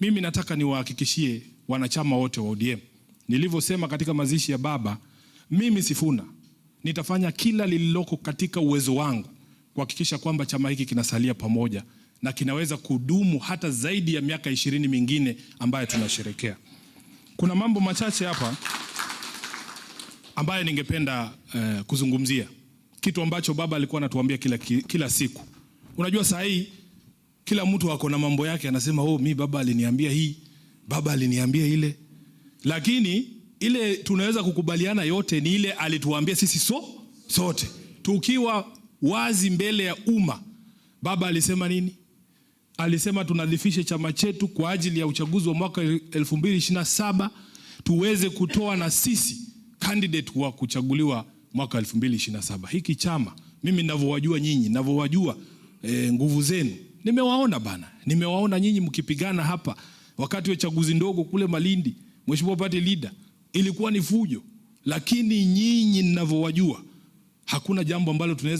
Mimi nataka niwahakikishie wanachama wote wa ODM, nilivyosema katika mazishi ya baba, mimi Sifuna nitafanya kila lililoko katika uwezo wangu kuhakikisha kwamba chama hiki kinasalia pamoja na kinaweza kudumu hata zaidi ya miaka ishirini mingine ambayo tunasherekea. Kuna mambo machache hapa ambayo ningependa eh, kuzungumzia, kitu ambacho baba alikuwa anatuambia kila, kila siku. Unajua saa hii kila mtu ako na mambo yake, anasema oh, mi baba aliniambia hii, baba aliniambia ile, lakini ile tunaweza kukubaliana yote ni ile alituambia sisi so sote, tukiwa wazi mbele ya umma. Baba alisema nini? Alisema tunadhifishe chama chetu kwa ajili ya uchaguzi wa mwaka 2027 tuweze kutoa na sisi candidate wa kuchaguliwa mwaka 2027. Hiki chama mimi ninavyowajua nyinyi, ninavyowajua e, nguvu zenu Nimewaona bana, nimewaona nyinyi mkipigana hapa wakati wa chaguzi ndogo kule Malindi, mheshimiwa party leader, ilikuwa ni fujo, lakini nyinyi ninavyowajua hakuna jambo ambalo tunaweza